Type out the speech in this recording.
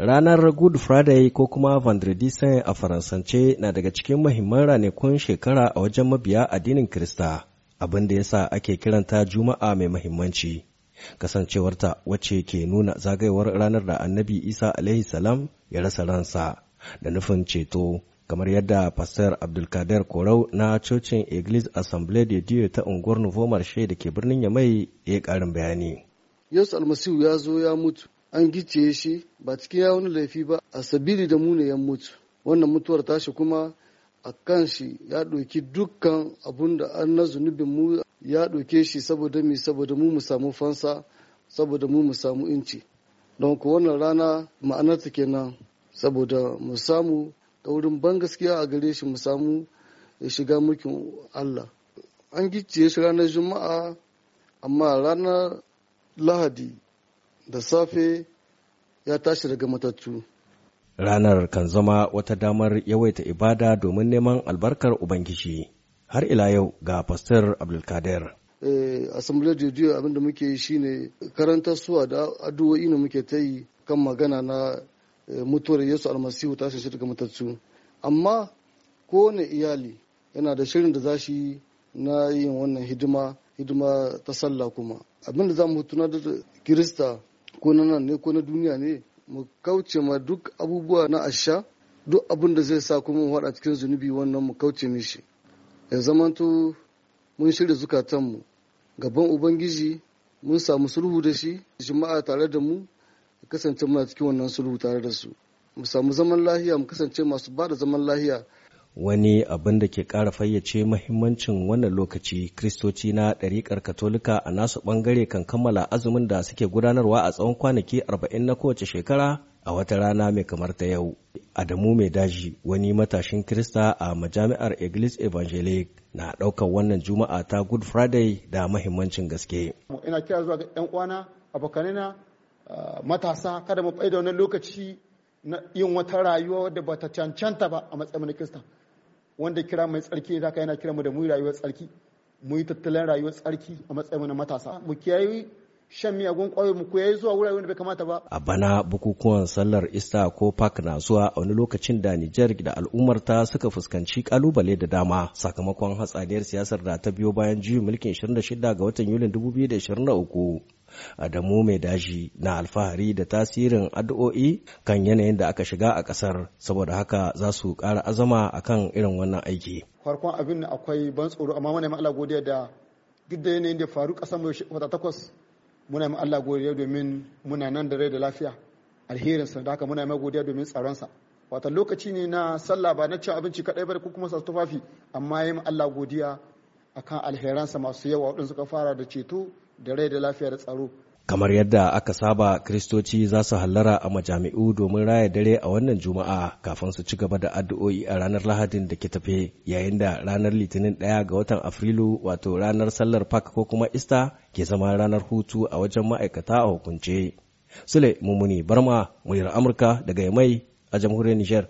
Ranar Good Friday ko kuma Vendredi Saint a Faransance na daga cikin mahimman ranakun shekara a wajen mabiya addinin Kirista, abin da sa ake kiranta Juma'a mai mahimmanci. Kasancewarta wacce ke nuna zagayewar ranar da Annabi Isa alaihi salam ya rasa ransa da nufin ceto kamar yadda Pastor Abdulkader Korau na cocin Eglise Assemblée de Dieu ta unguwar Nouveau da ke birnin Yamai ya ƙarin bayani. Yesu Almasihu ya zo ya mutu an gicciye shi ba cikin ya wani laifi ba a sabili da mu ne ya mutu wannan mutuwar tashi kuma a kan shi ya ɗauki dukkan abun da an na zunubin mu ya ɗauke shi saboda mi saboda mu mu samu fansa saboda mu mu samu inci don ku wannan rana ma'anarta kenan saboda mu samu wurin ban gaskiya a gare shi mu samu ya shiga mulkin Allah an gicciye shi ranar juma'a amma ranar lahadi da safe ya tashi daga matattu. Ranar kan zama wata damar yawaita ibada domin neman albarkar Ubangiji har ila yau ga Pastor Abdulkader. Eh, Assembly Radio abinda muke yi shine karanta suwa da addu'o'i ne muke ta yi kan magana na eh, mutuwar Yesu almasihu ta shi daga matattu. Amma kowane iyali yana da shirin da za shi na yin wannan hidima hidima ta sallah kuma abinda za mu tunar da kirista ko na nan ne ko na duniya ne mu kauce ma duk abubuwa na asha duk abin da zai sa kuma mu hada cikin zunubi wannan mu kauce mishi ya zamanto mun shirya zukatanmu gaban ubangiji mun samu sulhu da shi jima'a tare da mu kasance muna cikin wannan sulhu tare da su mu samu zaman lahiya mu kasance masu ba da zaman lahiya wani abin da ke ƙara fayyace mahimmancin wannan lokaci kristoci na ɗariƙar katolika a nasu ɓangare kan kammala azumin da suke gudanarwa a tsawon kwanaki arba'in na kowace shekara a wata rana mai kamar ta yau adamu mai daji wani matashin krista a majami'ar iglis evangelic na ɗaukar wannan juma'a ta good friday da mahimmancin gaske ina kira zuwa ga 'yan uwana abokanina ah, matasa kada mu da lokaci na yin wata rayuwa da bata cancanta ba a matsayin kirista wanda kira mai tsarki da ka yana kira mu da mu rayuwar tsarki mu yi tattalin rayuwar tsarki a matsayin na matasa mu kiyaye shan miyagun ƙwayoyi mu koyayi zuwa wuraren da bai kamata ba. A bana bukukuwan sallar Ista ko Pak na zuwa a wani lokacin da Nijar da al'ummarta suka fuskanci kalubale da dama sakamakon hatsaniyar siyasar da ta biyo bayan juyin mulkin 26 ga watan Yulin 2023. Adamu mai daji na alfahari da tasirin addu'o'i kan yanayin da aka shiga a ƙasar saboda haka za su ƙara azama a kan irin wannan aiki. Farkon abin akwai ban tsoro amma muna Allah godiya da duk da yanayin da faru ƙasar mai wata takwas muna yi Allah godiya domin muna nan da rai da lafiya alherinsa da haka muna yi godiya domin tsaronsa. Wata lokaci ne na sallah ba na cin abinci kaɗai ba ko kuma sa tufafi amma ya Allah godiya akan alheransa masu yawa waɗanda suka fara da ceto da rai da lafiyar tsaro kamar yadda aka saba kristoci za su hallara a majami'u domin raya dare a wannan juma'a kafin su ci gaba da addu'o'i a ranar lahadin da ke tafe yayin da ranar litinin ɗaya ga watan afrilu wato ranar sallar pak ko kuma ista ke zama ranar hutu a wajen ma'aikata a hukunce sule mummuni barma muryar amurka daga mai a jamhuriyar nijar